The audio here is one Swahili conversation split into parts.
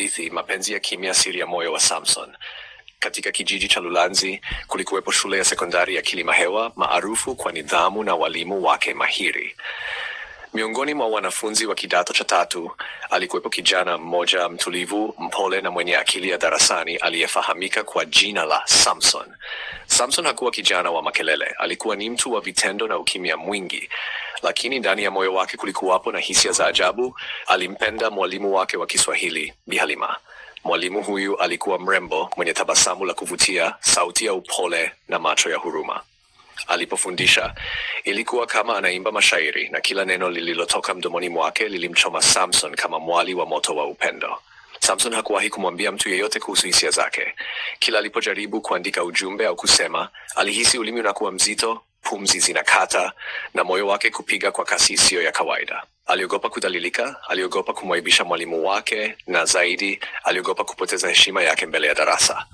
hadithi Mapenzi ya Kimya, Siri ya Moyo wa Samson. Katika kijiji cha Lulanzi kulikuwepo shule ya sekondari ya Kilimahewa maarufu kwa nidhamu na walimu wake mahiri. Miongoni mwa wanafunzi wa kidato cha tatu alikuwepo kijana mmoja mtulivu, mpole na mwenye akili ya darasani aliyefahamika kwa jina la Samson. Samson hakuwa kijana wa makelele, alikuwa ni mtu wa vitendo na ukimya mwingi lakini ndani ya moyo wake kulikuwapo na hisia za ajabu. Alimpenda mwalimu wake wa Kiswahili, Bi Halima. Mwalimu huyu alikuwa mrembo, mwenye tabasamu la kuvutia, sauti ya upole na macho ya huruma. Alipofundisha ilikuwa kama anaimba mashairi, na kila neno lililotoka mdomoni mwake lilimchoma Samson kama mwali wa moto wa upendo. Samson hakuwahi kumwambia mtu yeyote kuhusu hisia zake. Kila alipojaribu kuandika ujumbe au kusema, alihisi ulimi unakuwa mzito, pumzi zinakata na moyo wake kupiga kwa kasi isiyo ya kawaida. Aliogopa kudhalilika, aliogopa kumwaibisha mwalimu wake, na zaidi, aliogopa kupoteza heshima yake mbele ya darasa.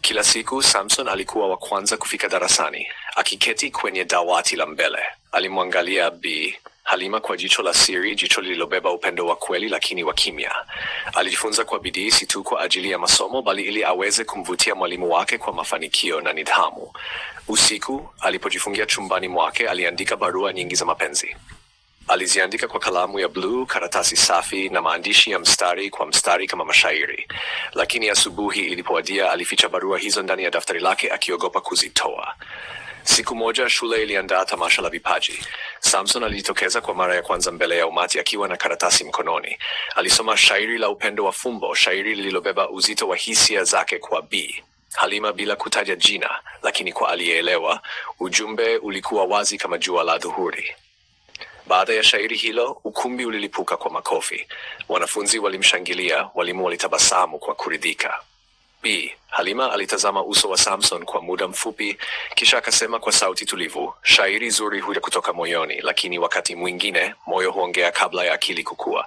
Kila siku Samson alikuwa wa kwanza kufika darasani. Akiketi kwenye dawati la mbele, alimwangalia b Halima kwa jicho la siri, jicho lililobeba upendo wa kweli lakini wa kimya. Alijifunza kwa bidii, si tu kwa ajili ya masomo, bali ili aweze kumvutia mwalimu wake kwa mafanikio na nidhamu. Usiku alipojifungia chumbani mwake, aliandika barua nyingi za mapenzi. Aliziandika kwa kalamu ya bluu, karatasi safi na maandishi ya mstari kwa mstari kama mashairi. Lakini asubuhi ilipowadia, alificha barua hizo ndani ya daftari lake, akiogopa kuzitoa. Siku moja shule iliandaa tamasha la vipaji. Samson alijitokeza kwa mara ya kwanza mbele ya umati akiwa na karatasi mkononi. Alisoma shairi la upendo wa fumbo, shairi lililobeba uzito wa hisia zake kwa Bi Halima bila kutaja jina lakini kwa aliyeelewa ujumbe ulikuwa wazi kama jua la dhuhuri. Baada ya shairi hilo, ukumbi ulilipuka kwa makofi. Wanafunzi walimshangilia, walimu walitabasamu kwa kuridhika b Halima alitazama uso wa Samson kwa muda mfupi, kisha akasema kwa sauti tulivu, shairi zuri huja kutoka moyoni, lakini wakati mwingine moyo huongea kabla ya akili kukua.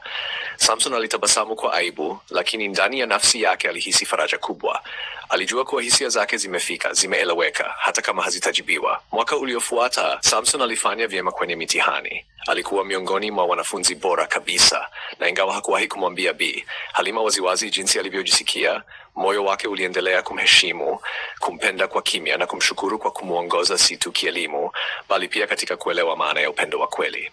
Samson alitabasamu kwa aibu, lakini ndani ya nafsi yake alihisi faraja kubwa. Alijua kuwa hisia zake zimefika, zimeeleweka, hata kama hazitajibiwa. Mwaka uliofuata Samson alifanya vyema kwenye mitihani. Alikuwa miongoni mwa wanafunzi bora kabisa, na ingawa hakuwahi kumwambia Bi Halima waziwazi jinsi alivyojisikia, moyo wake uliendelea kumheshimu, kumpenda kwa kimya na kumshukuru kwa kumwongoza si tu kielimu, bali pia katika kuelewa maana ya upendo wa kweli.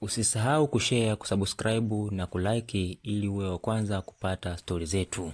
Usisahau kushare, kusubscribe na kulike ili uwe wa kwanza kupata stori zetu.